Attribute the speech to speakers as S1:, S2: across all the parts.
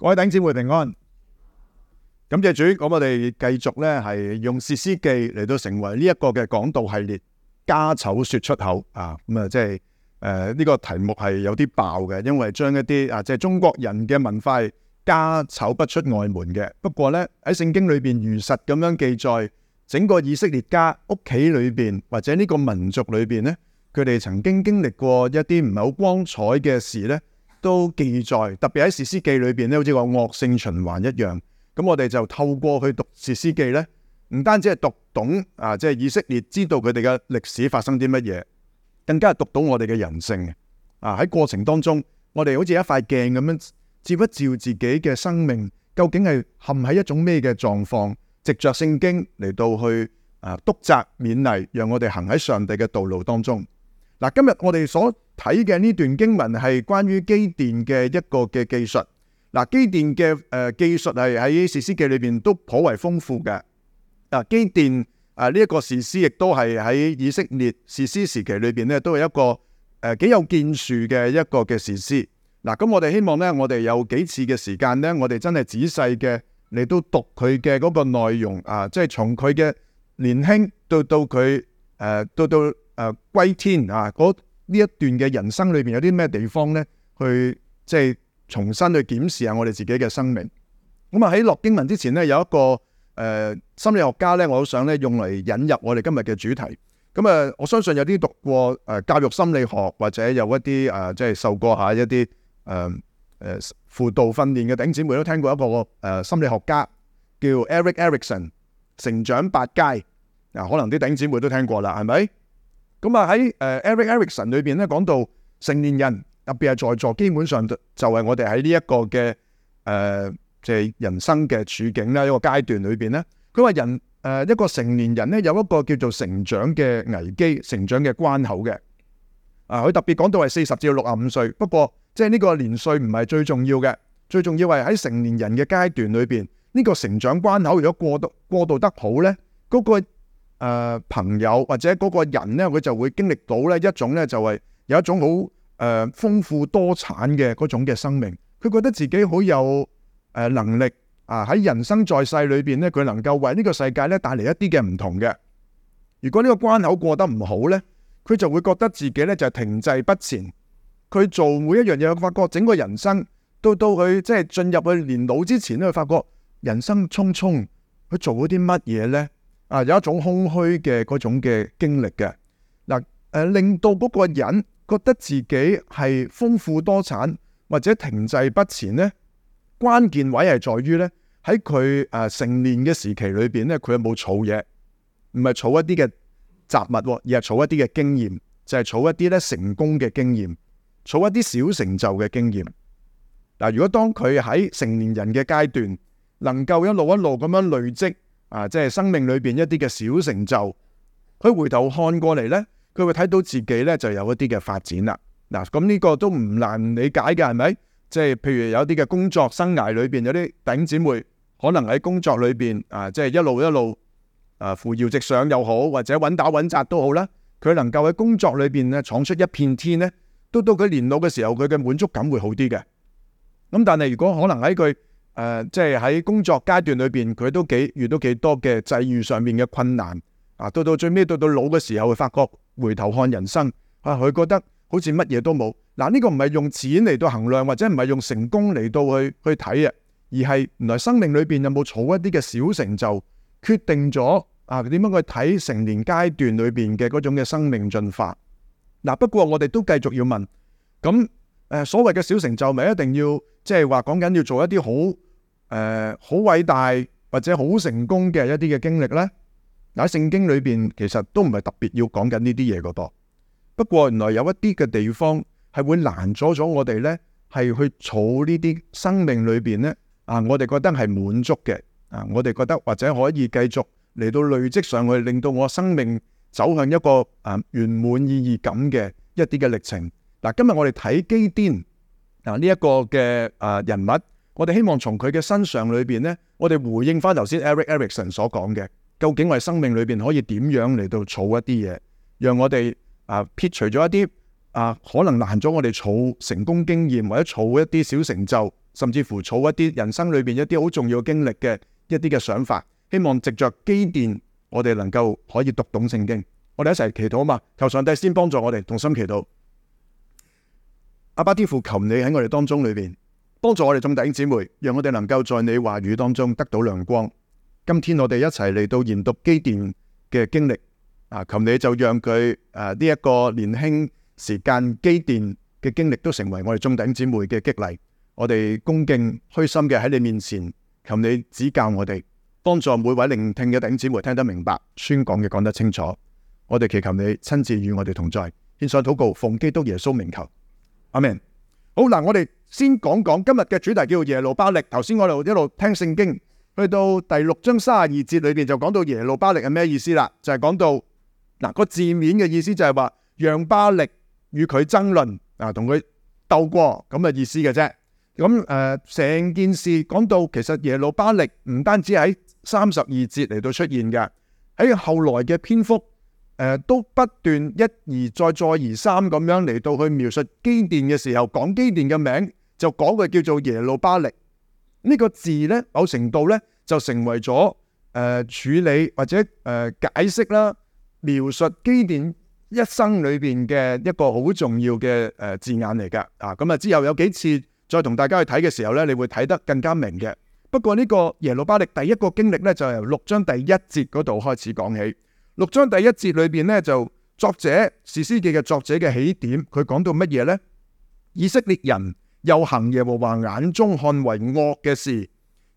S1: 各位弟兄姊妹平安，感謝主。咁我哋繼續咧，係用《士師記》嚟到成為呢一個嘅講道系列。家醜說出口啊，咁、嗯、啊，即係誒呢個題目係有啲爆嘅，因為將一啲啊即係中國人嘅文化家醜不出外門嘅。不過咧喺聖經裏邊如實咁樣記載，整個以色列家屋企裏邊或者呢個民族裏邊呢，佢哋曾經經歷過一啲唔係好光彩嘅事咧。都記載，特別喺《士師記》裏邊咧，好似個惡性循環一樣。咁我哋就透過去讀《士師記》咧，唔單止係讀懂啊，即係以色列知道佢哋嘅歷史發生啲乜嘢，更加係讀到我哋嘅人性嘅。啊喺過程當中，我哋好似一塊鏡咁樣照一照自己嘅生命，究竟係陷喺一種咩嘅狀況？藉着聖經嚟到去啊督責勉勵，讓我哋行喺上帝嘅道路當中。嗱，啊，今日我哋所睇嘅呢段經文係關於基甸嘅一個嘅記述。嗱，基、呃、甸嘅誒記述係喺士師記裏邊都頗為豐富嘅。啊，基甸啊呢一個士師亦都係喺以色列士師時期裏邊咧，都係一個誒幾有建樹嘅一個嘅士師。嗱，咁我哋希望咧，我哋有幾次嘅時間咧，我哋真係仔細嘅，嚟都讀佢嘅嗰個內容啊，即係從佢嘅年輕到到佢誒到到誒歸天啊呢一段嘅人生裏邊有啲咩地方咧，去即係重新去檢視下我哋自己嘅生命。咁啊喺落經文之前咧，有一個誒心理學家咧，我好想咧用嚟引入我哋今日嘅主題。咁啊，我相信有啲讀過誒教育心理學或者有一啲誒即係受過吓一啲誒誒輔導訓練嘅頂姐妹都聽過一個誒心理學家叫 Eric Erickson 成長八階。嗱，可能啲頂姐妹都聽過啦，係咪？咁啊喺誒 Eric Ericson 裏邊咧講到成年人特別係在座，基本上就係我哋喺呢一個嘅誒即係人生嘅處境啦，一個階段裏邊咧，佢話人誒、呃、一個成年人咧有一個叫做成長嘅危機，成長嘅關口嘅。啊，佢特別講到係四十至到六十五歲。不過即係呢個年歲唔係最重要嘅，最重要係喺成年人嘅階段裏邊，呢個成長關口如果過渡過渡得好咧，嗰個。誒、呃，朋友或者嗰個人呢，佢就會經歷到呢一種呢，就係有一種好誒豐富多產嘅嗰種嘅生命，佢覺得自己好有誒能力啊，喺、呃、人生在世裏邊呢，佢能夠為呢個世界呢帶嚟一啲嘅唔同嘅。如果呢個關口過得唔好呢，佢就會覺得自己呢就係、是、停滯不前。佢做每一樣嘢，佢發覺整個人生到到佢即係進入去年老之前呢，佢發覺人生匆匆，佢做咗啲乜嘢呢？啊，有一種空虛嘅嗰種嘅經歷嘅嗱，誒、啊啊、令到嗰個人覺得自己係豐富多產或者停滯不前呢，關鍵位係在於呢，喺佢誒成年嘅時期裏邊咧，佢有冇儲嘢？唔係儲一啲嘅雜物，而係儲一啲嘅經驗，就係、是、儲一啲咧成功嘅經驗，儲一啲小成就嘅經驗。嗱、啊，如果當佢喺成年人嘅階段能夠一路一路咁樣累積。啊，即係生命裏邊一啲嘅小成就，佢回頭看過嚟呢，佢會睇到自己呢就有一啲嘅發展啦。嗱，咁呢個都唔難理解嘅，係咪？即係譬如有啲嘅工作生涯裏邊有啲頂姊妹，可能喺工作裏邊啊，即係一路一路啊扶搖直上又好，或者穩打穩紮都好啦。佢能夠喺工作裏邊咧闖出一片天呢，都到佢年老嘅時候，佢嘅滿足感會好啲嘅。咁但係如果可能喺佢，誒，即係喺工作階段裏面，佢都幾遇到幾多嘅際遇上面嘅困難。啊，到到最尾，到到老嘅時候，會發覺回頭看人生，啊，佢覺得好似乜嘢都冇。嗱、啊，呢、這個唔係用錢嚟到衡量，或者唔係用成功嚟到去去睇嘅，而係原來生命裏面有冇儲一啲嘅小成就，決定咗啊，點樣去睇成年階段裏面嘅嗰種嘅生命進化。嗱、啊，不過我哋都繼續要問，咁、呃、所謂嘅小成就，咪一定要即係話講緊要做一啲好誒，好、呃、偉大或者好成功嘅一啲嘅經歷呢，喺聖經裏邊其實都唔係特別要講緊呢啲嘢多。不過原來有一啲嘅地方係會攔阻咗我哋呢，係去儲呢啲生命裏邊呢。啊，我哋覺得係滿足嘅，啊，我哋覺得或者可以繼續嚟到累積上去，令到我生命走向一個啊圓滿意義感嘅一啲嘅歷程。嗱、啊，今日我哋睇基甸嗱呢一個嘅誒、啊、人物。我哋希望從佢嘅身上裏邊呢，我哋回應翻頭先 Eric Erickson 所講嘅，究竟我哋生命裏邊可以點樣嚟到儲一啲嘢，讓我哋啊撇除咗一啲啊可能難咗我哋儲成功經驗或者儲一啲小成就，甚至乎儲一啲人生裏邊一啲好重要經歷嘅一啲嘅想法。希望藉着機電，我哋能夠可以讀懂聖經。我哋一齊祈禱啊嘛，求上帝先幫助我哋同心祈禱。阿爸天父求，你喺我哋當中裏邊。幫助我哋眾弟兄姊妹，讓我哋能夠在你話語當中得到亮光。今天我哋一齊嚟到研讀基甸嘅經歷，啊，求你就讓佢誒呢一個年輕時間基甸嘅經歷都成為我哋眾弟兄姊妹嘅激勵。我哋恭敬虛心嘅喺你面前，求你指教我哋，幫助每位聆聽嘅弟兄姊妹聽得明白，宣講嘅講得清楚。我哋祈求你親自與我哋同在，獻上禱告，奉基督耶穌名求，阿們。好嗱，我哋先講講今日嘅主題，叫做耶路巴力。頭先我哋一路聽聖經，去到第六章三十二節裏邊就講到耶路巴力係咩意思啦？就係、是、講到嗱、那個字面嘅意思就係話讓巴力與佢爭論啊，同佢鬥過咁嘅、這個、意思嘅啫。咁誒，成、呃、件事講到其實耶路巴力唔單止喺三十二節嚟到出現嘅，喺後來嘅篇幅。誒、呃，都不斷一而再、再而三咁樣嚟到去描述基甸嘅時候，講基甸嘅名就講佢叫做耶路巴力。呢、這個字呢，某程度呢，就成為咗誒、呃、處理或者誒、呃、解釋啦、描述基甸一生裏邊嘅一個好重要嘅誒、呃、字眼嚟噶。啊，咁啊之後有幾次再同大家去睇嘅時候呢，你會睇得更加明嘅。不過呢個耶路巴力第一個經歷呢，就由六章第一節嗰度開始講起。六章第一節裏邊呢，就作者《士師記》嘅作者嘅起點，佢講到乜嘢呢？以色列人又行耶和華眼中看為惡嘅事，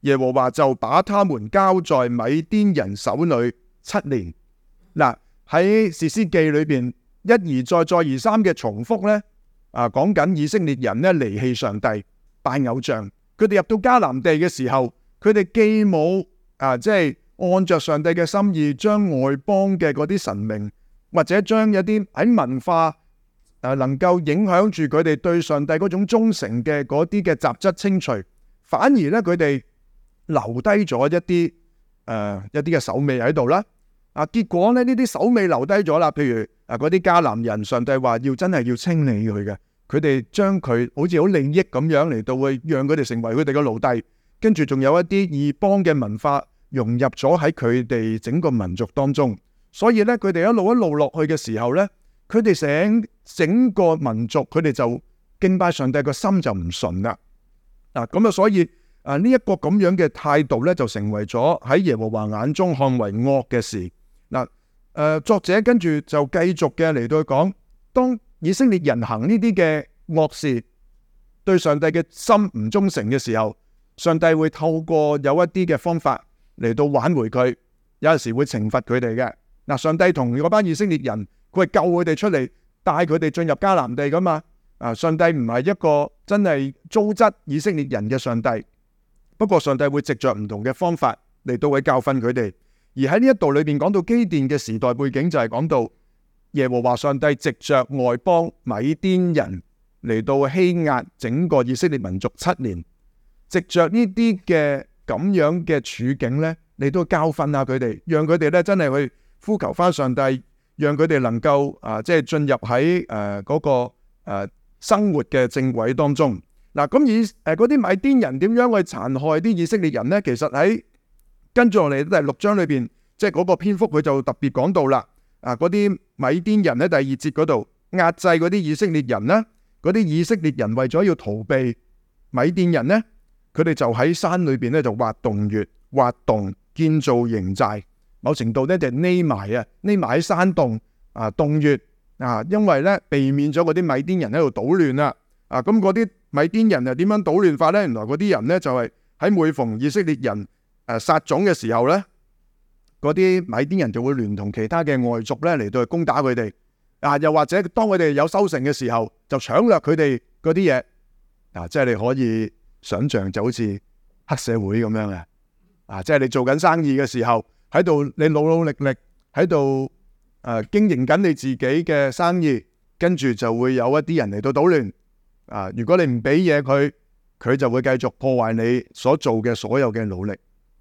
S1: 耶和華就把他們交在米甸人手裏七年。嗱，喺《士師記》裏邊一而再、再、再而三嘅重複呢，啊講緊以色列人呢，離棄上帝、拜偶像。佢哋入到迦南地嘅時候，佢哋既冇啊即係。按着上帝嘅心意，將外邦嘅嗰啲神明，或者將一啲喺文化、呃、能夠影響住佢哋對上帝嗰種忠誠嘅嗰啲嘅雜質清除，反而咧佢哋留低咗一啲誒、呃、一啲嘅手尾喺度啦。啊，結果咧呢啲手尾留低咗啦，譬如啊嗰啲迦南人，上帝話要真係要清理佢嘅，佢哋將佢好似好利益咁樣嚟到會讓佢哋成為佢哋嘅奴隸，跟住仲有一啲異邦嘅文化。融入咗喺佢哋整個民族當中，所以咧佢哋一路一路落去嘅時候咧，佢哋成整個民族佢哋就敬拜上帝個心就唔純啦。嗱咁啊，就所以啊呢一、這個咁樣嘅態度咧，就成為咗喺耶和華眼中看為惡嘅事。嗱、啊、誒、啊，作者跟住就繼續嘅嚟到講，當以色列人行呢啲嘅惡事，對上帝嘅心唔忠誠嘅時候，上帝會透過有一啲嘅方法。嚟到挽回佢，有陣時會懲罰佢哋嘅。嗱，上帝同嗰班以色列人，佢係救佢哋出嚟，帶佢哋進入迦南地㗎嘛？啊，上帝唔係一個真係糟質以色列人嘅上帝。不過上帝會藉着唔同嘅方法嚟到會教訓佢哋。而喺呢一度裏邊講到基甸嘅時代背景，就係講到耶和華上帝藉着外邦米甸人嚟到欺壓整個以色列民族七年，藉着呢啲嘅。咁樣嘅處境咧，你都教訓下佢哋，讓佢哋咧真係去呼求翻上帝，讓佢哋能夠啊，即係進入喺誒嗰個誒生活嘅正軌當中。嗱，咁以誒嗰啲米甸人點樣去殘害啲以色列人咧？其實喺跟住落嚟第六章裏邊，即係嗰個篇幅佢就特別講到啦。啊，嗰啲米甸人咧，第二節嗰度壓制嗰啲以色列人咧，嗰啲以色列人為咗要逃避米甸人咧，佢哋就喺山裏邊咧，就挖洞穴、挖洞、建造營寨。某程度咧就匿埋啊，匿埋喺山洞啊、洞穴啊，因為咧避免咗嗰啲米甸人喺度搗亂啦。啊，咁嗰啲米甸人又點樣搗亂法咧？原來嗰啲人咧就係、是、喺每逢以色列人誒、啊、撒種嘅時候咧，嗰啲米甸人就會聯同其他嘅外族咧嚟到去攻打佢哋。啊，又或者當佢哋有收成嘅時候，就搶掠佢哋嗰啲嘢。嗱、啊，即係你可以。想象就好似黑社會咁樣嘅，啊，即係你做緊生意嘅時候，喺度你努努力力喺度經營緊你自己嘅生意，跟住就會有一啲人嚟到搗亂，啊！如果你唔俾嘢佢，佢就會繼續破壞你所做嘅所有嘅努力。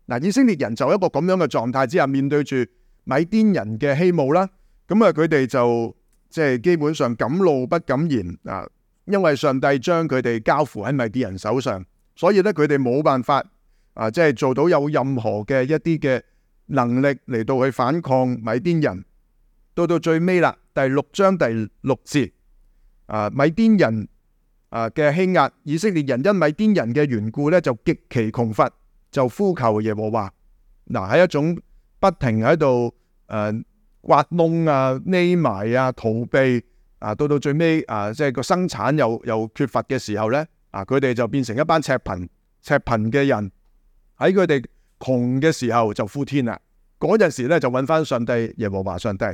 S1: 嗱、啊，以色列人就喺一個咁樣嘅狀態之下，面對住米甸人嘅欺侮啦，咁啊，佢哋就即係基本上敢怒不敢言啊，因為上帝將佢哋交付喺米甸人手上。所以咧，佢哋冇辦法啊，即係做到有任何嘅一啲嘅能力嚟到去反抗米甸人。到到最尾啦，第六章第六節啊，米甸人啊嘅欺壓以色列人，因米甸人嘅緣故咧，就極其窮乏，就呼求耶和華。嗱，喺、啊、一種不停喺度誒挖窿啊、匿埋啊、啊、逃避啊，到到最尾啊，即係個生產又又缺乏嘅時候咧。啊！佢哋就變成一班赤貧、赤貧嘅人，喺佢哋窮嘅時候就呼天啦。嗰陣時咧就揾翻上帝、耶和華上帝。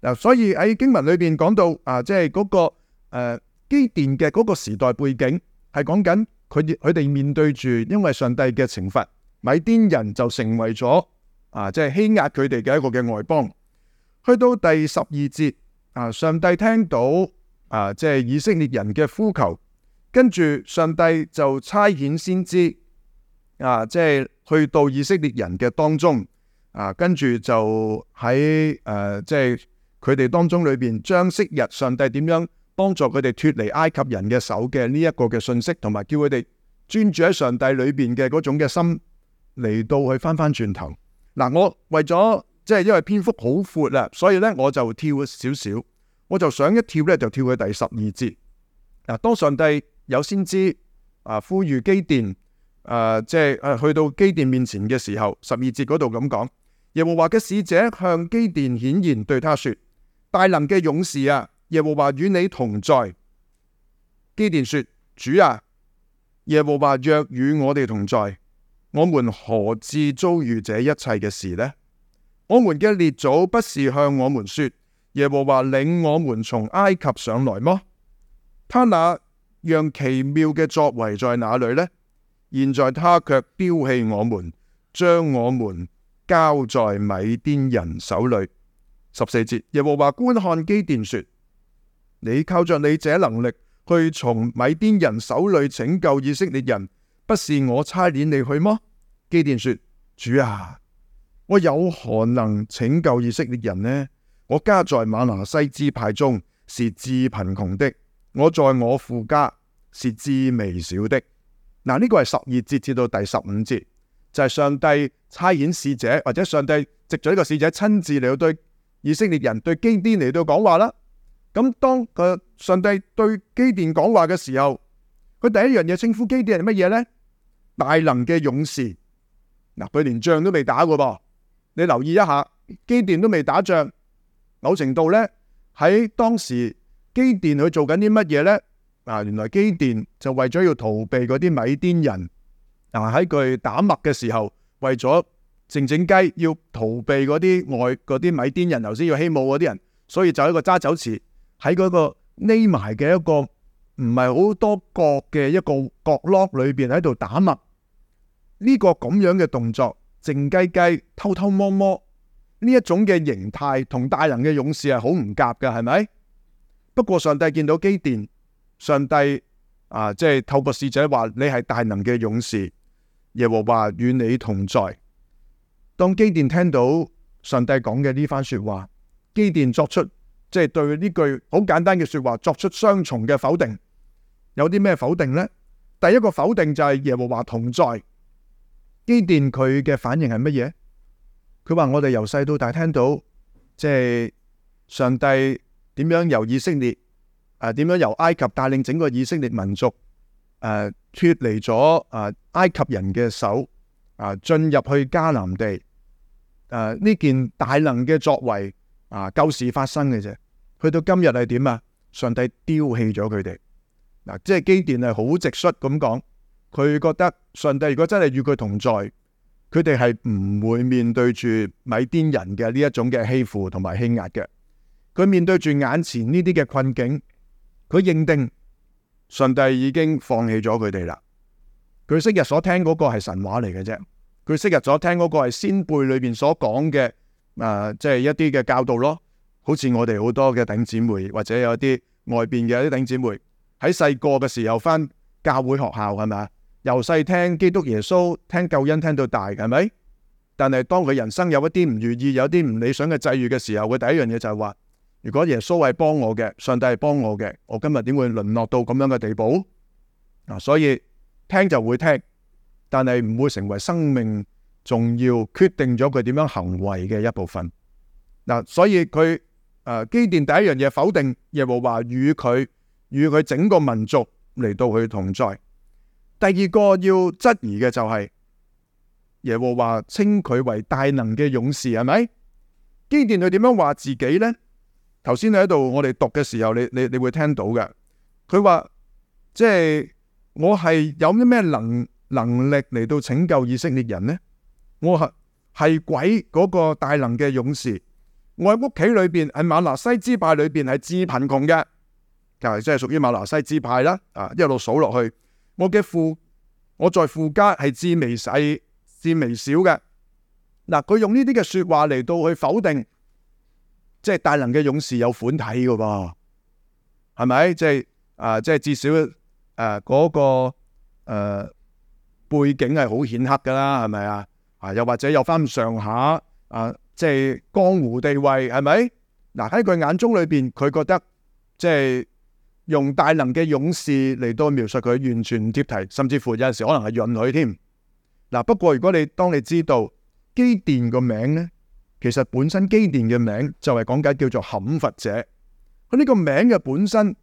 S1: 嗱，所以喺經文裏邊講到啊，即係嗰個誒基甸嘅嗰個時代背景係講緊佢佢哋面對住因為上帝嘅懲罰，米甸人就成為咗啊，即係欺壓佢哋嘅一個嘅外邦。去到第十二節啊，上帝聽到啊，即係以色列人嘅呼求。跟住上帝就差遣先知，啊，即係去到以色列人嘅當中，啊，跟住就喺誒、啊，即係佢哋當中裏邊，將昔日上帝點樣幫助佢哋脫離埃及人嘅手嘅呢一個嘅信息，同埋叫佢哋專注喺上帝裏邊嘅嗰種嘅心嚟到去翻翻轉頭。嗱、啊，我為咗即係因為篇幅好闊啦，所以咧我就跳少少，我就想一跳咧就跳去第十二節。嗱、啊，當上帝。有先知啊，呼籲基甸，誒、啊，即係誒、啊，去到基甸面前嘅時候，十二節嗰度咁講，耶和華嘅使者向基甸顯現，對他說：大能嘅勇士啊，耶和華與你同在。基甸說：主啊，耶和華若與我哋同在，我們何至遭遇這一切嘅事呢？我們嘅列祖不是向我們說，耶和華領我們從埃及上來麼？他那讓奇妙嘅作為在哪裏呢？現在他卻丟棄我們，將我們交在米甸人手裏。十四節，耶和華觀看基甸說：你靠着你這能力去從米甸人手裏拯救以色列人，不是我差遣你去嗎？基甸說：主啊，我有何能拯救以色列人呢？我家在瑪拿西支派中是至貧窮的。我在我父家是至微小的。嗱，呢個係十二節至到第十五節，就係、是、上帝差遣使者，或者上帝藉咗呢個使者親自嚟到對以色列人對基甸嚟到講話啦。咁當佢上帝對基甸講話嘅時候，佢第一樣嘢稱呼基甸係乜嘢呢？大能嘅勇士。嗱，佢連仗都未打過噃。你留意一下，基甸都未打仗，某程度呢，喺當時。基甸佢做緊啲乜嘢呢？啊，原來基甸就為咗要逃避嗰啲米甸人，嗱，喺佢打麥嘅時候，為咗靜靜雞要逃避嗰啲外啲米甸人，頭先要欺侮嗰啲人，所以就一個榨酒池喺嗰個匿埋嘅一個唔係好多角嘅一個角落裏邊喺度打麥。呢、這個咁樣嘅動作，靜雞雞偷偷摸摸，呢一種嘅形態同大能嘅勇士係好唔夾嘅，係咪？不過上帝見到基甸，上帝啊，即係透過使者話，你係大能嘅勇士，耶和華與你同在。當基甸聽到上帝講嘅呢番說話，基甸作出即係對呢句好簡單嘅說話作出雙重嘅否定。有啲咩否定呢？第一個否定就係耶和華同在，基甸佢嘅反應係乜嘢？佢話我哋由細到大聽到，即係上帝。點樣由以色列誒？點、啊、樣由埃及帶領整個以色列民族誒、啊、脫離咗誒、啊、埃及人嘅手啊？進入去迦南地誒？呢、啊、件大能嘅作為啊，舊時發生嘅啫。去到今日係點啊？上帝丟棄咗佢哋嗱，即係基甸係好直率咁講，佢覺得上帝如果真係與佢同在，佢哋係唔會面對住米甸人嘅呢一種嘅欺負同埋欺壓嘅。佢面對住眼前呢啲嘅困境，佢認定上帝已經放棄咗佢哋啦。佢昔日所聽嗰個係神話嚟嘅啫，佢昔日所聽嗰個係先輩裏邊所講嘅誒，即、呃、係、就是、一啲嘅教導咯。好似我哋好多嘅頂姊妹或者有啲外邊嘅啲頂姊妹喺細個嘅時候返教會學校係咪啊？由細聽基督耶穌聽救恩聽到大嘅係咪？但係當佢人生有一啲唔如意、有啲唔理想嘅際遇嘅時候，佢第一樣嘢就係話。如果耶穌係幫我嘅，上帝係幫我嘅，我今日點會淪落到咁樣嘅地步？嗱、啊，所以聽就會聽，但係唔會成為生命重要、決定咗佢點樣行為嘅一部分。嗱、啊，所以佢誒基甸第一樣嘢否定耶和華與佢與佢整個民族嚟到佢同在。第二個要質疑嘅就係、是、耶和華稱佢為大能嘅勇士係咪？基甸佢點樣話自己呢？頭先你喺度，我哋讀嘅時候，你你你會聽到嘅。佢話即係我係有啲咩能能力嚟到拯救以色列人呢？我係係鬼嗰個大能嘅勇士。我喺屋企裏邊，喺馬拿西支派裏邊係至貧窮嘅，其實就係即係屬於馬拿西支派啦。啊，一路數落去，我嘅父，我在父家係至微細、至微小嘅。嗱，佢用呢啲嘅說話嚟到去否定。即係大能嘅勇士有款體嘅噃，係咪？即係啊，即係至少誒嗰個誒背景係好顯赫噶啦，係咪啊？啊，又或者有翻上下啊，即係江湖地位係咪？嗱，喺佢眼中裏邊，佢覺得即係用大能嘅勇士嚟到描述佢，完全唔貼題，甚至乎有陣時候可能係潤佢添。嗱、啊，不過如果你當你知道基甸個名咧。其實本身基甸嘅名就係講解叫做砍伐者，佢呢個名嘅本身，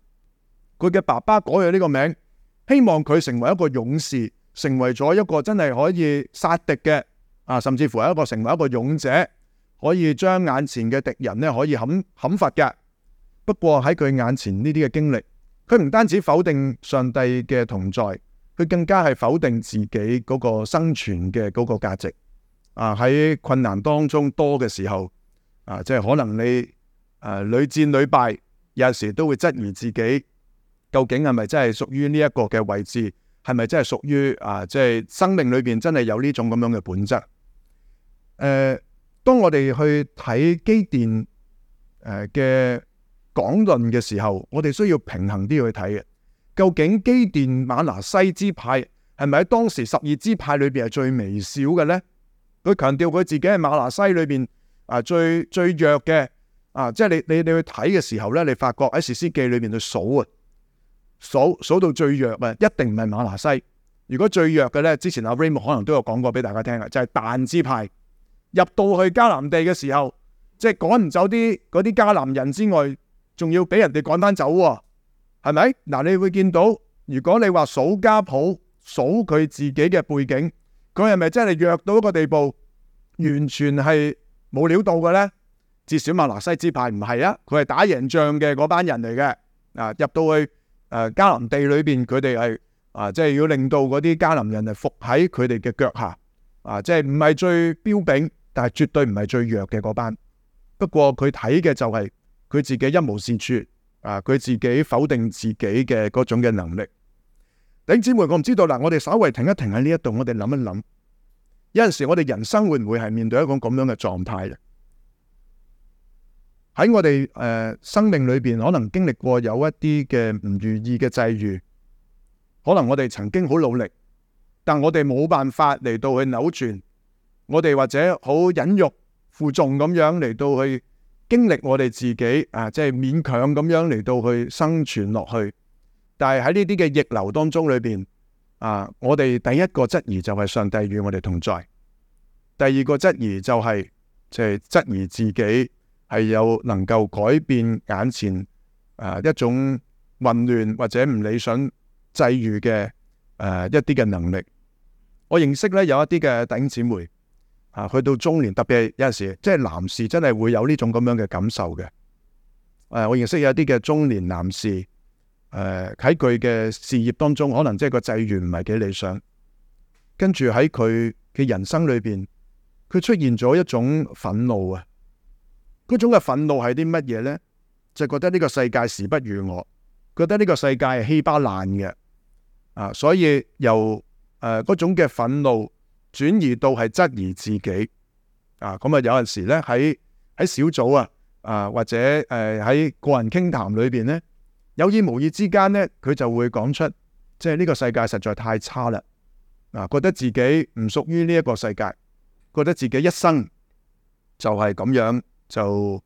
S1: 佢嘅爸爸改咗呢個名，希望佢成為一個勇士，成為咗一個真係可以殺敵嘅啊，甚至乎係一個成為一個勇者，可以將眼前嘅敵人呢可以砍砍伐嘅。不過喺佢眼前呢啲嘅經歷，佢唔單止否定上帝嘅同在，佢更加係否定自己嗰個生存嘅嗰個價值。啊！喺困難當中多嘅時候，啊，即係可能你誒、啊、屢戰屢敗，有陣時都會質疑自己究竟係咪真係屬於呢一個嘅位置，係咪真係屬於啊？即係生命裏邊真係有呢種咁樣嘅本質。誒、呃，當我哋去睇基甸誒嘅、呃、講論嘅時候，我哋需要平衡啲去睇嘅。究竟基甸瑪拿西支派係咪喺當時十二支派裏邊係最微小嘅咧？佢強調佢自己係馬拿西裏邊啊最最弱嘅啊，即係你你你去睇嘅時候咧，你發覺喺《士師記》裏邊去數啊，數數到最弱啊，一定唔係馬拿西。如果最弱嘅咧，之前阿 Raymond 可能都有講過俾大家聽啊，就係但支派入到去迦南地嘅時候，即係趕唔走啲嗰啲迦南人之外，仲要俾人哋趕翻走喎、啊，係咪？嗱、啊，你會見到，如果你話數家普數佢自己嘅背景。佢係咪真係弱到一個地步，完全係冇料到嘅咧？至少瑪拿西支派唔係啊，佢係打贏仗嘅嗰班人嚟嘅啊！入到去誒迦南地裏邊，佢哋係啊，即係、啊就是、要令到嗰啲迦南人係伏喺佢哋嘅腳下啊！即係唔係最標炳，但係絕對唔係最弱嘅嗰班。不過佢睇嘅就係佢自己一無是處啊！佢自己否定自己嘅嗰種嘅能力。頂姊妹，我唔知道嗱，我哋稍微停一停喺呢一度，我哋諗一諗，有陣時我哋人生會唔會係面對一個咁樣嘅狀態嘅？喺我哋誒、呃、生命裏邊，可能經歷過有一啲嘅唔如意嘅際遇，可能我哋曾經好努力，但我哋冇辦法嚟到去扭轉，我哋或者好忍辱負重咁樣嚟到去經歷我哋自己啊、呃，即係勉強咁樣嚟到去生存落去。但係喺呢啲嘅逆流當中裏邊，啊，我哋第一個質疑就係上帝與我哋同在；第二個質疑就係即係質疑自己係有能夠改變眼前啊一種混亂或者唔理想際遇嘅誒一啲嘅能力。我認識咧有一啲嘅弟兄姊妹啊，去到中年，特別係有陣時即係、就是、男士真係會有呢種咁樣嘅感受嘅。誒、啊，我認識有一啲嘅中年男士。誒，喺佢嘅事業當中，可能即係個際遇唔係幾理想，跟住喺佢嘅人生裏邊，佢出現咗一種憤怒啊！嗰種嘅憤怒係啲乜嘢呢？就覺得呢個世界時不如我，覺得呢個世界係稀巴爛嘅啊！所以由誒嗰、呃、種嘅憤怒轉移到係質疑自己啊！咁啊有陣時咧喺喺小組啊啊或者誒喺、呃、個人傾談，談裏邊呢。有意無意之間呢，佢就會講出，即係呢個世界實在太差啦，啊，覺得自己唔屬於呢一個世界，覺得自己一生就係咁樣，就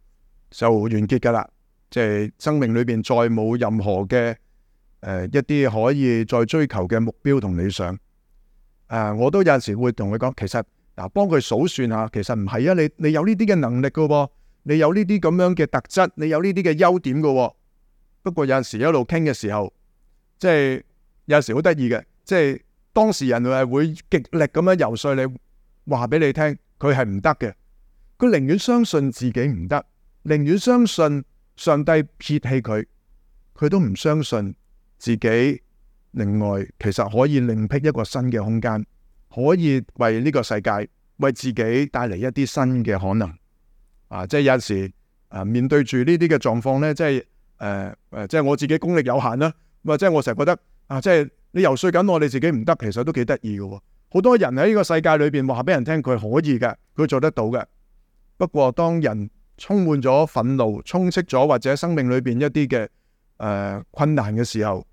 S1: 就完結噶啦，即係生命裏邊再冇任何嘅誒一啲可以再追求嘅目標同理想。誒，我都有時會同佢講，其實嗱，幫佢數算下，其實唔係啊，你你有呢啲嘅能力噶，你有呢啲咁樣嘅特質，你有呢啲嘅優點噶。不過有陣時一路傾嘅時候，即係有陣時好得意嘅，即係當時人類係會極力咁樣遊說你，話俾你聽佢係唔得嘅，佢寧願相信自己唔得，寧願相信上帝撇棄佢，佢都唔相信自己。另外，其實可以另闢一個新嘅空間，可以為呢個世界為自己帶嚟一啲新嘅可能。啊，即係有陣時啊，面對住呢啲嘅狀況呢，即係。誒誒、呃，即係我自己功力有限啦，咁啊，即係我成日覺得啊，即係你游說緊我，你自己唔得，其實都幾得意嘅。好多人喺呢個世界裏邊話俾人聽，佢可以嘅，佢做得到嘅。不過當人充滿咗憤怒，充斥咗或者生命裏邊一啲嘅誒困難嘅時候，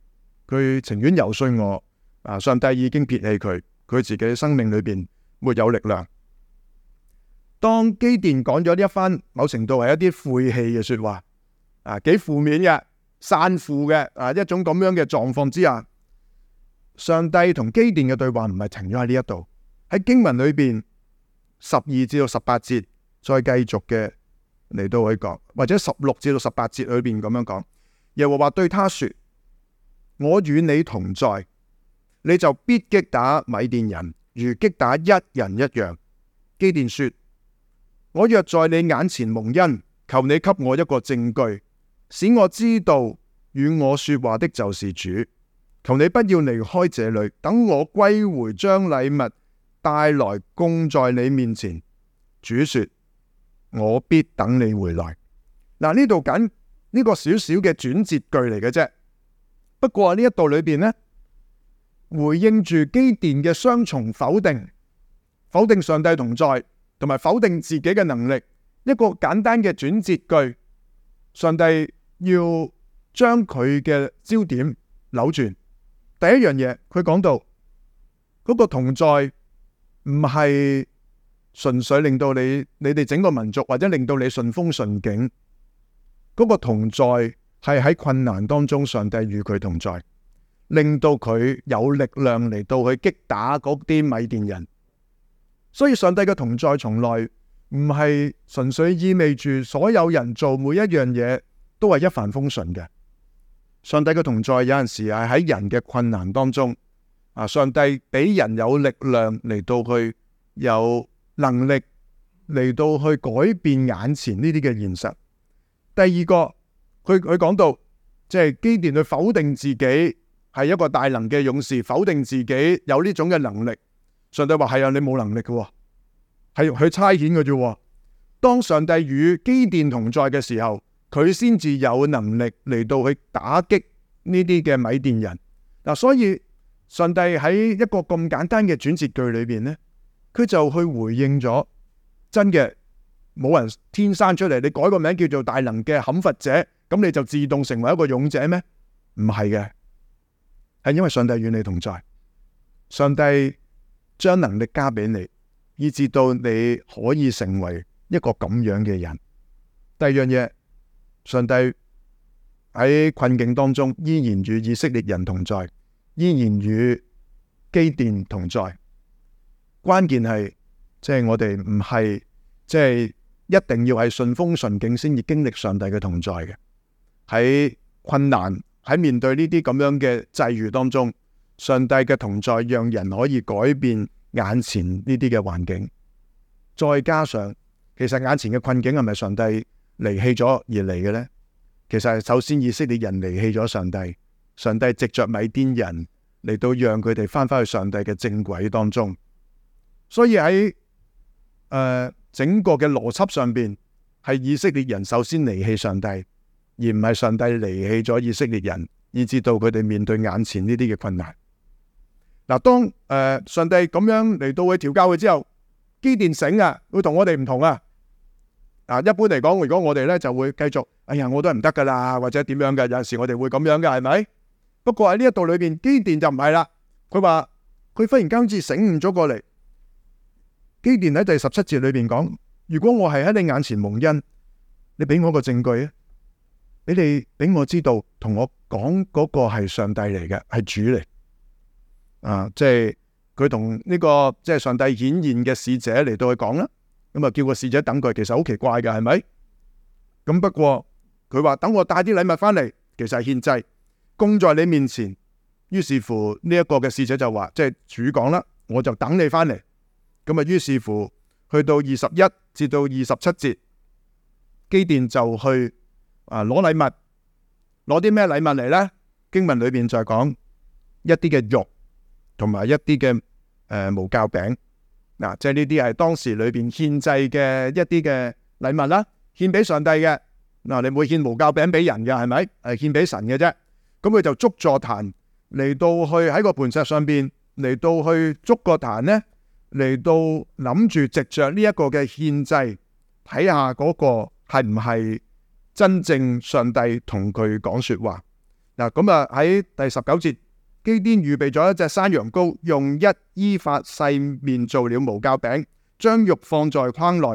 S1: 佢情願游說我啊，上帝已經撇棄佢，佢自己生命裏邊沒有力量。當基甸講咗呢一番某程度係一啲晦氣嘅說話。啊，幾負面嘅，散富嘅，啊，一種咁樣嘅狀況之下，上帝同基甸嘅對話唔係停咗喺呢一度，喺經文裏邊十二至到十八節再繼續嘅你都可以講，或者十六至到十八節裏邊咁樣講，耶和華對他說：我與你同在，你就必擊打米甸人，如擊打一人一樣。基甸說：我若在你眼前蒙恩，求你給我一個證據。使我知道與我說話的就是主，求你不要離開這裏，等我歸回，將禮物帶來供在你面前。主說：我必等你回來。嗱、啊，呢度緊呢個小小嘅轉折句嚟嘅啫。不過呢一度裏邊呢，回應住基甸嘅雙重否定，否定上帝同在，同埋否定自己嘅能力。一個簡單嘅轉折句，上帝。要將佢嘅焦點扭轉，第一樣嘢佢講到嗰個同在唔係純粹令到你你哋整個民族或者令到你順風順景，嗰個同在係喺困難當中，上帝與佢同在，令到佢有力量嚟到去擊打嗰啲米甸人。所以上帝嘅同在從來唔係純粹意味住所有人做每一樣嘢。都係一帆風順嘅，上帝嘅同在有陣時係喺人嘅困難當中啊！上帝俾人有力量嚟到去有能力嚟到去改變眼前呢啲嘅現實。第二個，佢佢講到即係基甸去否定自己係一個大能嘅勇士，否定自己有呢種嘅能力。上帝話係啊，你冇能力嘅，係用佢差遣嘅啫。當上帝與基甸同在嘅時候。佢先至有能力嚟到去打擊呢啲嘅米甸人嗱，所以上帝喺一個咁簡單嘅轉折句裏邊咧，佢就去回應咗，真嘅冇人天生出嚟，你改個名叫做大能嘅砍伐者，咁你就自動成為一個勇者咩？唔係嘅，係因為上帝與你同在，上帝將能力加俾你，以至到你可以成為一個咁樣嘅人。第二樣嘢。上帝喺困境當中依然與以色列人同在，依然與基甸同在。關鍵係即係我哋唔係即係一定要係順風順境先至經歷上帝嘅同在嘅。喺困難喺面對呢啲咁樣嘅際遇當中，上帝嘅同在讓人可以改變眼前呢啲嘅環境。再加上，其實眼前嘅困境係咪上帝離棄咗而嚟嘅呢，其實係首先以色列人離棄咗上帝，上帝藉着米甸人嚟到讓佢哋翻翻去上帝嘅正軌當中。所以喺誒、呃、整個嘅邏輯上邊，係以色列人首先離棄上帝，而唔係上帝離棄咗以色列人，以至到佢哋面對眼前呢啲嘅困難。嗱，當、呃、誒上帝咁樣嚟到去調教佢之後，基甸醒啊，會同我哋唔同啊。嗱，一般嚟講，如果我哋咧就會繼續，哎呀，我都係唔得噶啦，或者點樣嘅，有陣時我哋會咁樣嘅，係咪？不過喺呢一度裏邊，基甸就唔係啦。佢話佢忽然間好似醒悟咗過嚟，基甸喺第十七節裏邊講：如果我係喺你眼前蒙恩，你俾我個證據啊，你哋俾我知道，同我講嗰個係上帝嚟嘅，係主嚟。啊，即係佢同呢個即係上帝顯現嘅使者嚟到去講啦。咁啊，叫個侍者等佢，其實好奇怪嘅，係咪？咁不過佢話等我帶啲禮物翻嚟，其實係獻祭供在你面前。於是乎呢一、這個嘅侍者就話，即、就、係、是、主講啦，我就等你翻嚟。咁啊，於是乎去到二十一至到二十七節，基甸就去啊攞禮物，攞啲咩禮物嚟呢？經文裏邊就講一啲嘅肉同埋一啲嘅誒無酵餅。嗱，即係呢啲係當時裏邊獻祭嘅一啲嘅禮物啦，獻俾上帝嘅。嗱，你唔會獻無酵餅俾人嘅，係咪？係獻俾神嘅啫。咁佢就捉住壇嚟到去喺個磐石上邊嚟到去捉個壇咧，嚟到諗住藉着呢一個嘅獻祭睇下嗰個係唔係真正上帝同佢講說話。嗱，咁啊喺第十九節。基甸預備咗一隻山羊羔，用一伊法細麵做了無酵餅，將肉放在筐內，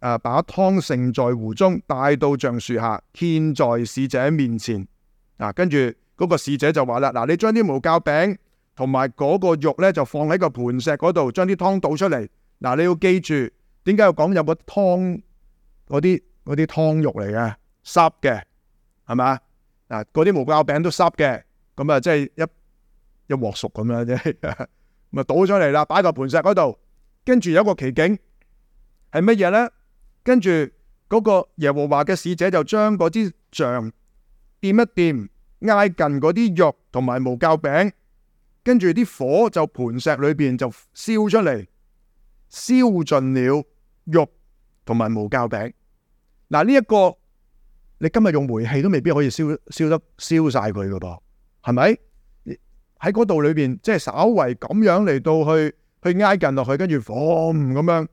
S1: 誒，把湯盛在壺中，帶到橡樹下，獻在使者面前。啊，跟住嗰、那個使者就話啦：，嗱、啊，你將啲無酵餅同埋嗰個肉呢，就放喺個盤石嗰度，將啲湯倒出嚟。嗱、啊，你要記住，點解要講有個湯？嗰啲嗰啲湯肉嚟嘅，濕嘅，係咪？嗱，嗰啲無酵餅都濕嘅，咁啊，即係一。一鑊熟咁樣啫，咪 倒出嚟啦，擺個盤石嗰度，跟住有一個奇景，係乜嘢呢？跟住嗰個耶和華嘅使者就將嗰支杖掂一掂，挨近嗰啲肉同埋無酵餅，跟住啲火就盤石裏邊就燒出嚟，燒盡了肉同埋無酵餅。嗱、這個，呢一個你今日用煤氣都未必可以燒燒得燒晒佢噶噃，係咪？喺嗰度裏邊，即係稍為咁樣嚟到去去挨近落去，跟住火咁樣，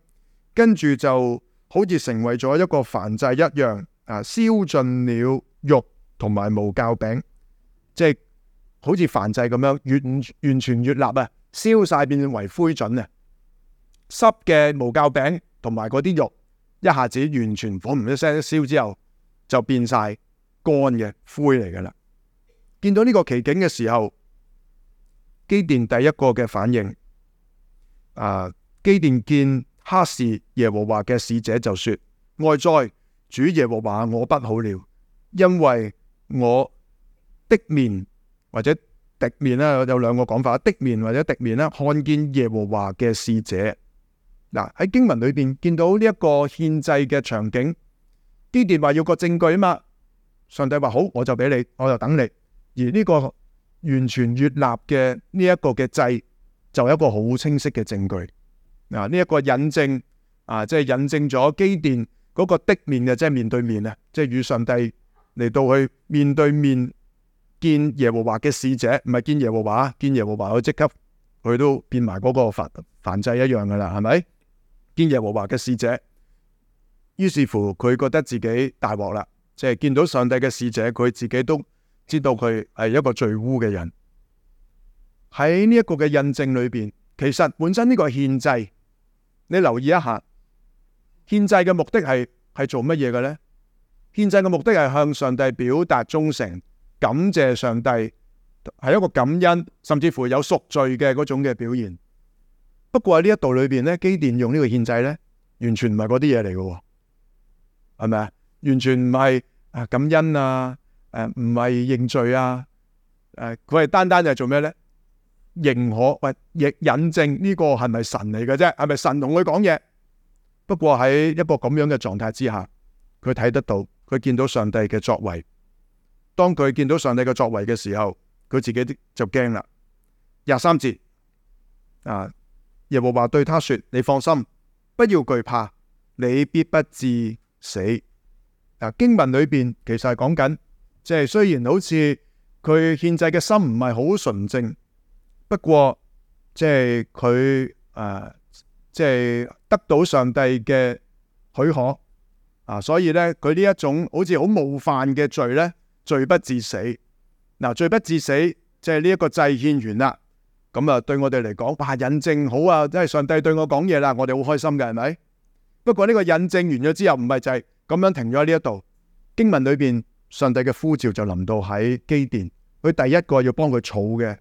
S1: 跟住就好似成為咗一個燔祭一樣啊！燒盡了肉同埋無酵餅，即係好似燔祭咁樣完完全越立啊，燒晒變為灰燼啊！濕嘅無酵餅同埋嗰啲肉，一下子完全火唔一聲一燒之後，就變晒乾嘅灰嚟噶啦！見到呢個奇景嘅時候。基甸第一個嘅反應，啊！基甸見哈士耶和華嘅使者就說：哀哉！主耶和華，我不好了，因為我覿面或者覿面啦，有兩個講法，覿面或者覿面啦，看見耶和華嘅使者。嗱、啊、喺經文裏邊見到呢一個獻祭嘅場景，基甸話要個證據啊嘛，上帝話好，我就俾你，我就等你，而呢、呢個。完全越立嘅呢一個嘅祭，就係一個好清晰嘅證據。嗱、啊，呢、這、一個引證啊，即係引證咗基甸嗰個的面嘅，即係面對面啊，即係與上帝嚟到去面對面見耶和華嘅使者，唔係見耶和華，見耶和華佢即刻佢都變埋嗰個燔燔祭一樣噶啦，係咪？見耶和華嘅使者，於是乎佢覺得自己大鑊啦，即、就、係、是、見到上帝嘅使者，佢自己都。知道佢係一個罪污嘅人，喺呢一個嘅印證裏邊，其實本身呢個獻祭，你留意一下，獻祭嘅目的係係做乜嘢嘅咧？獻祭嘅目的係向上帝表達忠誠、感謝上帝，係一個感恩，甚至乎有贖罪嘅嗰種嘅表現。不過喺呢一度裏邊咧，基甸用這個制呢個獻祭咧，完全唔係嗰啲嘢嚟嘅，係咪啊？完全唔係啊感恩啊！誒，唔係、呃、認罪啊！誒、呃，佢係單單就做咩咧？認可喂，亦、呃、引證呢、這個係咪神嚟嘅啫？係咪神同佢講嘢？不過喺一個咁樣嘅狀態之下，佢睇得到，佢見到上帝嘅作為。當佢見到上帝嘅作為嘅時候，佢自己就驚啦。廿三節啊，耶和華對他說：你放心，不要懼怕，你必不致死。啊，經文裏邊其實係講緊。即係雖然好似佢獻祭嘅心唔係好純正，不過即係佢誒，即係得到上帝嘅許可啊，所以咧，佢呢一種好似好冒犯嘅罪咧，罪不至死。嗱，罪不至死，即係呢一個祭獻完啦。咁啊，對我哋嚟講，哇，引證好啊，即係上帝對我講嘢啦，我哋好開心嘅，係咪？不過呢個引證完咗之後，唔係就係咁樣停咗喺呢一度經文裏邊。上帝嘅呼召就臨到喺基甸，佢第一個要幫佢儲嘅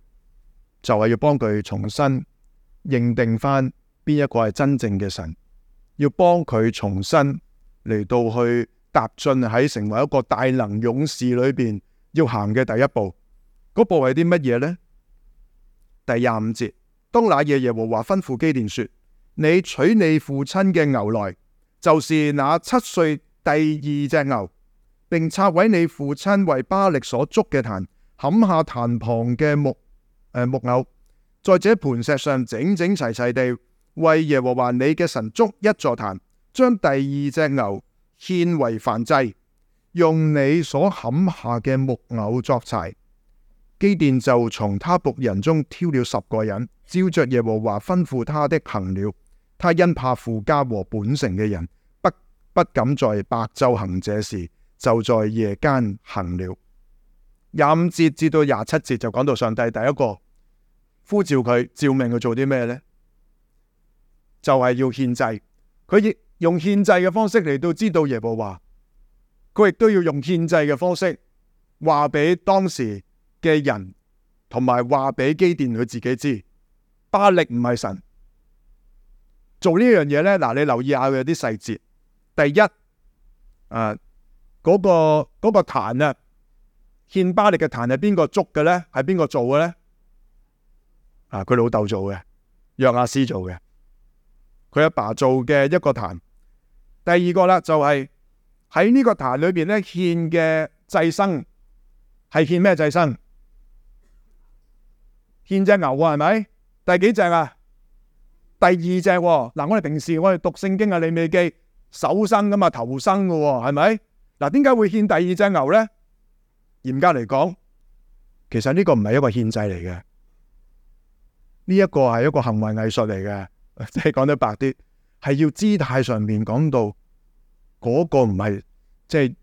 S1: 就係、是、要幫佢重新認定返邊一個係真正嘅神，要幫佢重新嚟到去踏進喺成為一個大能勇士裏面要行嘅第一步，嗰步係啲乜嘢呢？第廿五節，當那夜耶和華吩咐基甸說：你取你父親嘅牛來，就是那七歲第二隻牛。並拆毀你父親為巴力所築嘅壇，砍下壇旁嘅木、呃、木偶，在這磐石上整整齊齊地為耶和華你嘅神築一座壇，將第二隻牛獻為燔祭，用你所砍下嘅木偶作柴。基甸就從他僕人中挑了十個人，照着耶和華吩咐他的行了。他因怕父家和本城嘅人，不不敢在白晝行這事。就在夜間行了。廿五節至到廿七節就講到上帝第一個呼召佢，召命佢做啲咩呢？就係、是、要獻祭，佢亦用獻祭嘅方式嚟到知道耶和華，佢亦都要用獻祭嘅方式話俾當時嘅人同埋話俾基甸佢自己知巴力唔係神做呢樣嘢呢？嗱，你留意下佢有啲細節，第一誒。呃嗰、那個嗰、那個壇啊，獻巴力嘅壇係邊個捉嘅咧？係邊個做嘅咧？啊，佢老豆做嘅，約阿斯做嘅，佢阿爸做嘅一個壇。第二個啦、就是，就係喺呢個壇裏邊咧獻嘅祭牲，係獻咩祭牲？獻隻牛啊，係咪？第幾隻啊？第二隻嗱、啊，我哋平時我哋讀聖經啊，你未記手生噶嘛，頭生噶係咪？是嗱，點解會獻第二隻牛呢？嚴格嚟講，其實呢個唔係一個獻祭嚟嘅，呢一個係一個行為藝術嚟嘅，即係講得白啲，係要姿態上面講到嗰個唔係即係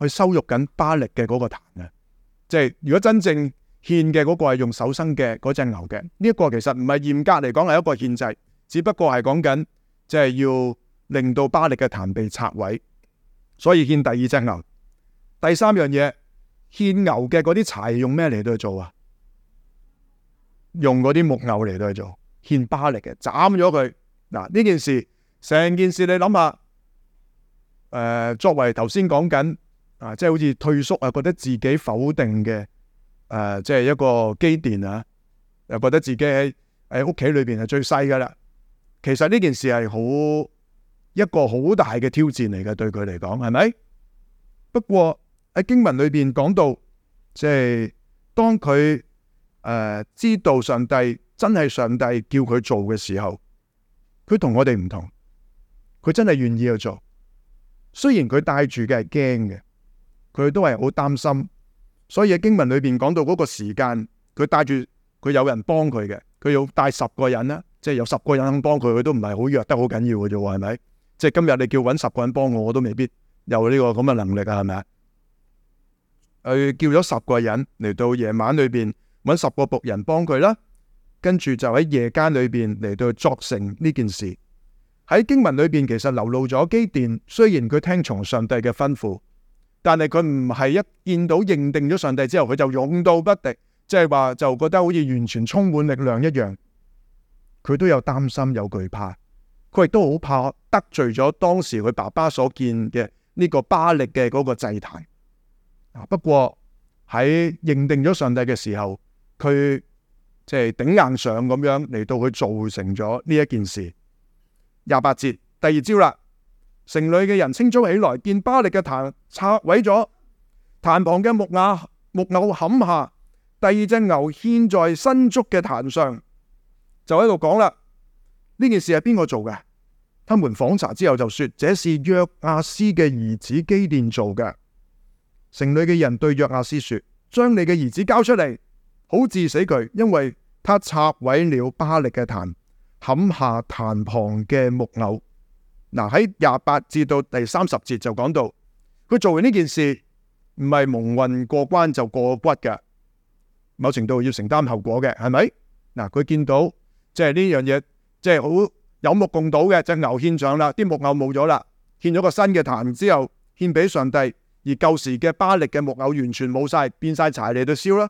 S1: 去羞辱緊巴力嘅嗰個壇，即係如果真正獻嘅嗰個係用手生嘅嗰隻牛嘅，呢一個其實唔係嚴格嚟講係一個獻祭，只不過係講緊即係要令到巴力嘅壇被拆毀。所以獻第二隻牛，第三樣嘢獻牛嘅嗰啲柴用咩嚟到去做啊？用嗰啲木偶嚟到去做，獻巴力嘅，斬咗佢。嗱呢件事，成件事你諗下，誒、呃、作為頭先講緊啊，即、呃、係、就是、好似退縮啊，覺得自己否定嘅，誒即係一個基甸啊，又覺得自己喺喺屋企裏邊係最細噶啦。其實呢件事係好一個好大嘅挑戰嚟嘅，對佢嚟講係咪？不過喺經文裏邊講到，即係當佢誒知道上帝真係上帝叫佢做嘅時候，佢同我哋唔同，佢真係願意去做。雖然佢帶住嘅係驚嘅，佢都係好擔心。所以喺經文裏邊講到嗰個時間，佢帶住佢有人幫佢嘅，佢要帶十個人啦，即係有十個人肯幫佢，佢都唔係好弱得好緊要嘅啫喎，係咪？即係今日你叫揾十個人幫我，我都未必有呢個咁嘅能力啊，係咪啊？佢叫咗十個人嚟到夜晚裏邊揾十個僕人幫佢啦，跟住就喺夜間裏邊嚟到作成呢件事。喺經文裏邊其實流露咗基甸，雖然佢聽從上帝嘅吩咐，但係佢唔係一見到認定咗上帝之後，佢就勇到不敵，即係話就覺得好似完全充滿力量一樣。佢都有擔心有懼怕。佢亦都好怕得罪咗當時佢爸爸所建嘅呢個巴力嘅嗰個祭壇。不過喺認定咗上帝嘅時候，佢即係頂硬上咁樣嚟到去造成咗呢一件事。廿八節，第二朝啦，城裏嘅人清早起來，見巴力嘅壇拆毀咗，壇旁嘅木雅木偶冚下，第二隻牛獻在新築嘅壇上，就喺度講啦。呢件事係邊個做嘅？他們訪查之後就說，這是約亞斯嘅兒子基甸做嘅。城裏嘅人對約亞斯說，將你嘅兒子交出嚟，好致死佢，因為他拆毀了巴力嘅壇，砍下壇旁嘅木偶。啊」嗱，喺廿八至到第三十節就講到，佢做完呢件事唔係蒙混過關就過骨嘅，某程度要承擔後果嘅，係咪？嗱、啊，佢見到即係呢樣嘢。就是即係好有目共睹嘅，隻、就是、牛獻上啦，啲木偶冇咗啦，獻咗個新嘅壇之後，獻俾上帝，而舊時嘅巴力嘅木偶完全冇晒，變晒柴嚟到燒啦。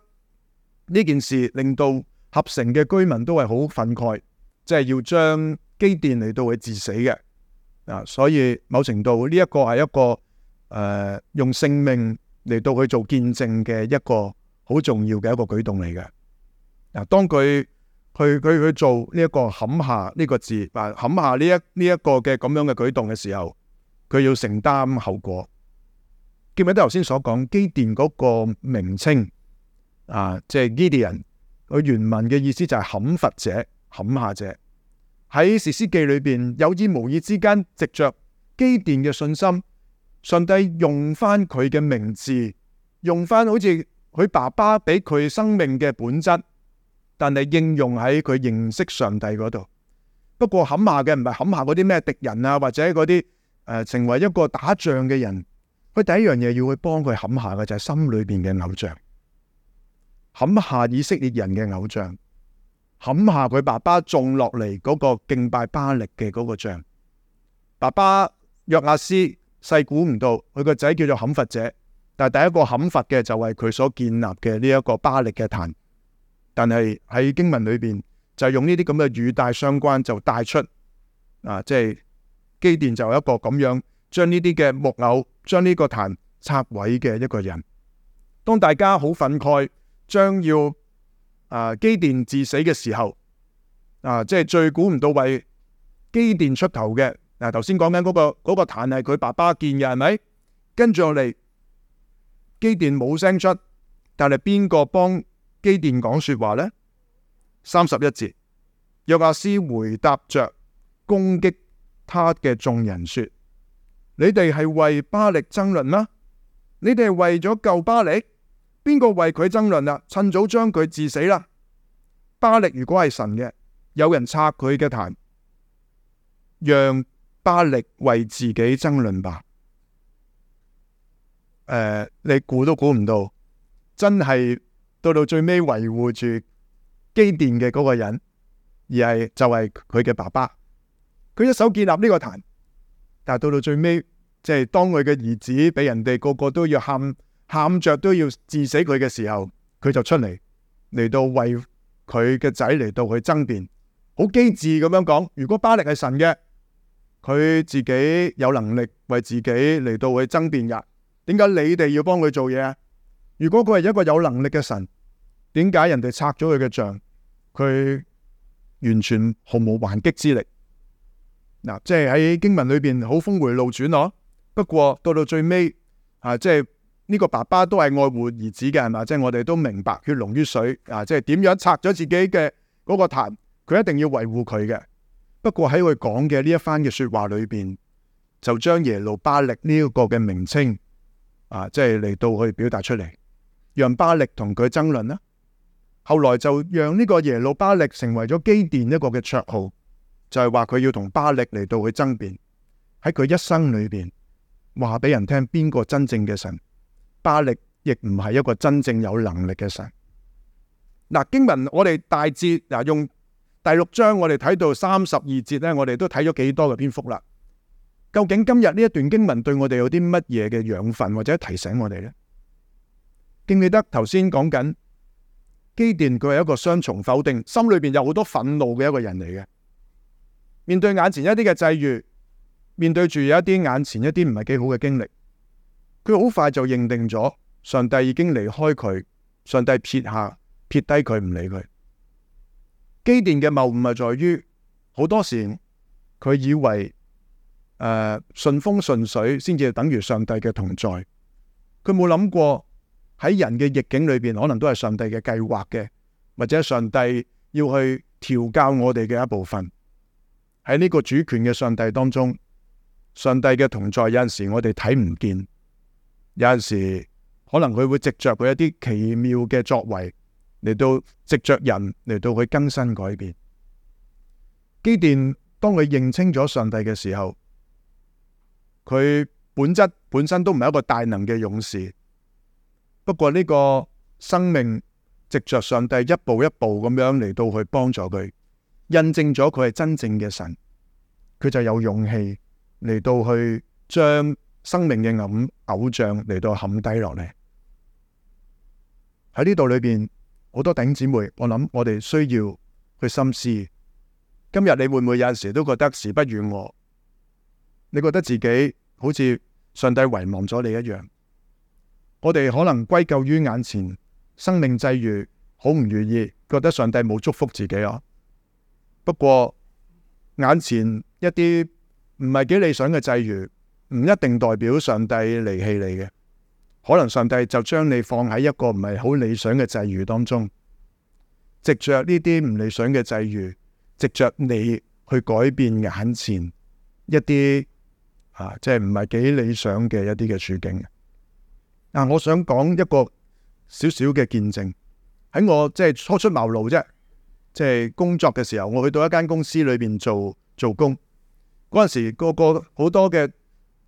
S1: 呢件事令到合城嘅居民都係好憤慨，即、就、係、是、要將基甸嚟到去致死嘅。嗱，所以某程度呢、這個、一個係一個誒用性命嚟到去做見證嘅一個好重要嘅一個舉動嚟嘅。嗱，當佢。去佢去做呢一個冚下呢個字，啊冚下呢一呢一個嘅咁、這個、樣嘅舉動嘅時候，佢要承擔後果。記唔記得頭先所講基甸嗰個名稱啊，即係基甸，佢原文嘅意思就係冚伐者、冚下者。喺士師記裏邊有意無意之間，藉着基甸嘅信心，上帝用翻佢嘅名字，用翻好似佢爸爸俾佢生命嘅本質。但係應用喺佢認識上帝嗰度，不過冚下嘅唔係冚下嗰啲咩敵人啊，或者嗰啲誒成為一個打仗嘅人，佢第一樣嘢要去幫佢冚下嘅就係、是，心裏邊嘅偶像，冚下以色列人嘅偶像，冚下佢爸爸種落嚟嗰個敬拜巴力嘅嗰個像。爸爸約亞斯細估唔到佢個仔叫做砍伐者，但係第一個砍伐嘅就係佢所建立嘅呢一個巴力嘅壇。但係喺經文裏邊就用呢啲咁嘅語帶相關就帶出啊，即係基電就一個咁樣將呢啲嘅木偶將呢個壇拆毀嘅一個人。當大家好憤慨，將要啊基電致死嘅時候啊，即係最估唔到為基電出頭嘅。嗱、啊，頭先講緊嗰個嗰、那個壇係佢爸爸建嘅係咪？跟住落嚟基電冇聲出，但係邊個幫？基甸講說話呢？三十一節，約阿斯回答着攻擊他嘅眾人說：你哋係為巴力爭論嗎？你哋係為咗救巴力？邊個為佢爭論啊？趁早將佢治死啦！巴力如果係神嘅，有人拆佢嘅壇，讓巴力為自己爭論吧。誒、呃，你估都估唔到，真係。到到最尾維護住基甸嘅嗰個人，而係就係佢嘅爸爸。佢一手建立呢個壇，但係到到最尾，即係當佢嘅兒子俾人哋個個都要喊喊着都要致死佢嘅時候，佢就出嚟嚟到為佢嘅仔嚟到去爭辯，好機智咁樣講。如果巴力係神嘅，佢自己有能力為自己嚟到去爭辯噶。點解你哋要幫佢做嘢啊？如果佢係一個有能力嘅神。點解人哋拆咗佢嘅像，佢完全毫無還擊之力？嗱，即係喺經文裏邊好峰迴路轉咯。不過到到最尾啊，即係呢個爸爸都係愛護兒子嘅，係嘛？即係我哋都明白血濃於水啊！即係點樣拆咗自己嘅嗰個壇，佢一定要維護佢嘅。不過喺佢講嘅呢一番嘅說話裏邊，就將耶路巴力呢一個嘅名稱啊，即係嚟到去表達出嚟，讓巴力同佢爭論啦。後來就讓呢個耶路巴力成為咗基甸一個嘅綽號，就係話佢要同巴力嚟到去爭辯。喺佢一生裏邊，話俾人聽邊個真正嘅神，巴力亦唔係一個真正有能力嘅神。嗱、啊，經文我哋大致嗱、啊、用第六章我，我哋睇到三十二節咧，我哋都睇咗幾多嘅篇幅啦。究竟今日呢一段經文對我哋有啲乜嘢嘅養分或者提醒我哋呢？記唔記得頭先講緊？基甸佢係一個雙重否定，心裏邊有好多憤怒嘅一個人嚟嘅。面對眼前一啲嘅際遇，面對住有一啲眼前一啲唔係幾好嘅經歷，佢好快就認定咗上帝已經離開佢，上帝撇下撇低佢唔理佢。基甸嘅謬誤係在於，好多時佢以為誒、呃、順風順水先至等於上帝嘅同在，佢冇諗過。喺人嘅逆境裏邊，可能都係上帝嘅計劃嘅，或者上帝要去調教我哋嘅一部分。喺呢個主權嘅上帝當中，上帝嘅同在有陣時我哋睇唔見，有陣時可能佢會藉着佢一啲奇妙嘅作為嚟到藉着人嚟到去更新改變。基甸當佢認清咗上帝嘅時候，佢本質本身都唔係一個大能嘅勇士。不過呢個生命藉着上帝一步一步咁樣嚟到去幫助佢，印證咗佢係真正嘅神，佢就有勇氣嚟到去將生命嘅偶像嚟到冚低落嚟。喺呢度裏邊，好多頂姊妹，我諗我哋需要去深思。今日你會唔會有陣時都覺得時不與我，你覺得自己好似上帝遺忘咗你一樣？我哋可能歸咎於眼前生命際遇，好唔願意，覺得上帝冇祝福自己啊。不過眼前一啲唔係幾理想嘅際遇，唔一定代表上帝離棄你嘅。可能上帝就將你放喺一個唔係好理想嘅際遇當中，藉着呢啲唔理想嘅際遇，藉着你去改變眼前一啲啊，即係唔係幾理想嘅一啲嘅處境。嗱、啊，我想講一個少少嘅見證，喺我即係、就是、初出茅廬啫，即、就、係、是、工作嘅時候，我去到一間公司裏邊做做工嗰陣時個很，個個好多嘅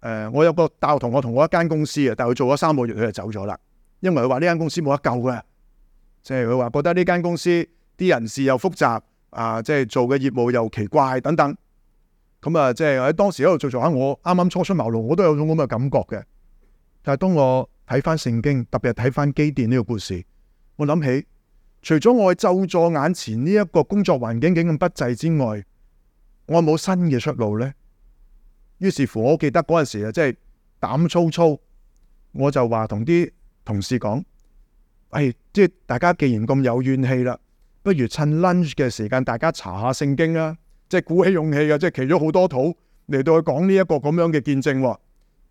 S1: 誒，我有個大學同學同我一間公司嘅，但係佢做咗三個月，佢就走咗啦，因為佢話呢間公司冇得救嘅，即係佢話覺得呢間公司啲人事又複雜，啊，即、就、係、是、做嘅業務又奇怪等等，咁、嗯、啊，即係喺當時喺度做做下，我啱啱初出茅廬，我都有種咁嘅感覺嘅，但係當我睇翻聖經，特別係睇翻基甸呢個故事，我諗起除咗我係咒詛眼前呢一個工作環境咁不濟之外，我有冇新嘅出路呢？於是乎，我記得嗰陣時啊，即係膽粗粗，我就話同啲同事講：，誒、哎，即係大家既然咁有怨氣啦，不如趁 lunch 嘅時間，大家查下聖經啦。即係鼓起勇氣嘅，即係企咗好多土嚟到去講呢一個咁樣嘅見證。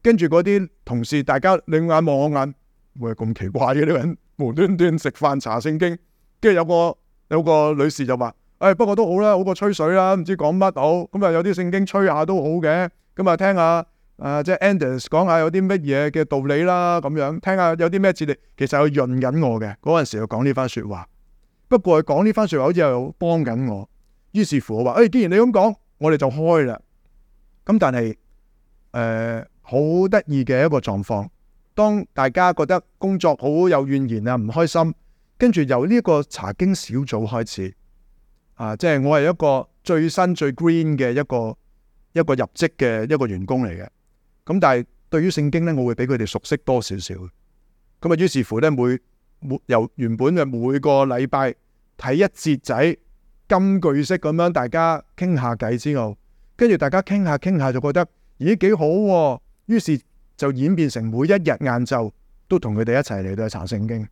S1: 跟住嗰啲同事，大家你眼望我眼，喂，咁奇怪嘅呢？人無端端食飯查聖經，跟住有個有個女士就話：，誒，不過都好啦，好過吹水啦，唔知講乜好。咁啊，有啲聖經吹下都好嘅，咁啊，聽下誒，即係 Anders 講下有啲乜嘢嘅道理啦，咁樣聽下有啲咩哲理。其實佢潤緊我嘅嗰陣時，佢講呢番說話。不過佢講呢番說話，好似又有幫緊我。於是乎，我話：，誒，既然你咁講，我哋就開啦。咁但係，誒。好得意嘅一個狀況，當大家覺得工作好有怨言啊，唔開心，跟住由呢個查經小組開始，啊，即係我係一個最新最 green 嘅一個一個入職嘅一個員工嚟嘅，咁但係對於聖經呢，我會比佢哋熟悉多少少。咁啊，於是乎呢，每每由原本嘅每個禮拜睇一節仔金句式咁樣，大家傾下偈之後，跟住大家傾下傾下就覺得，咦，幾好喎，啊！於是就演變成每一日晏晝都同佢哋一齊嚟到去查聖經。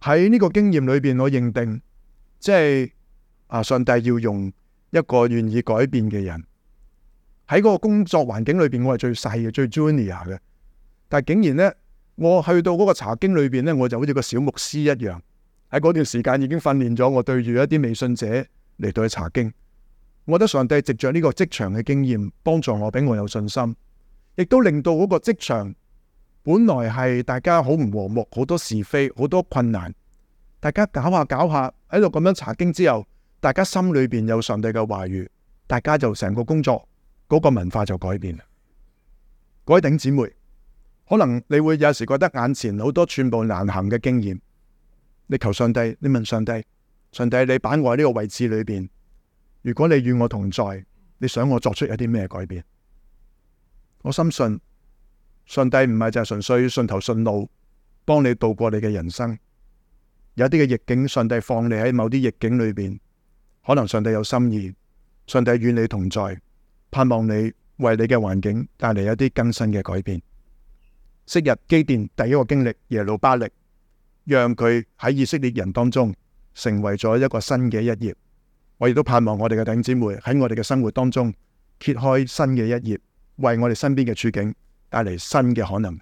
S1: 喺呢個經驗裏邊，我認定即係啊，上帝要用一個願意改變嘅人喺個工作環境裏邊，我係最細嘅、最 junior 嘅。但竟然呢，我去到嗰個查經裏邊呢，我就好似個小牧師一樣。喺嗰段時間已經訓練咗我，對住一啲未信者嚟到去查經。我覺得上帝藉着呢個職場嘅經驗，幫助我俾我有信心。亦都令到嗰個職場本來係大家好唔和睦，好多是非，好多困難，大家搞下搞下喺度咁樣查經之後，大家心裏邊有上帝嘅話語，大家就成個工作嗰個文化就改變啦。各位頂姊妹，可能你會有時覺得眼前好多寸步難行嘅經驗，你求上帝，你問上帝，上帝你擺我喺呢個位置裏邊，如果你與我同在，你想我作出一啲咩改變？我深信上帝唔係就係純粹順頭順路幫你度過你嘅人生，有啲嘅逆境，上帝放你喺某啲逆境裏邊，可能上帝有心意，上帝與你同在，盼望你為你嘅環境帶嚟一啲更新嘅改變。昔日基甸第一個經歷耶路巴力，讓佢喺以色列人當中成為咗一個新嘅一頁。我亦都盼望我哋嘅弟兄姊妹喺我哋嘅生活當中揭開新嘅一頁。為我哋身邊嘅處境帶嚟新嘅可能。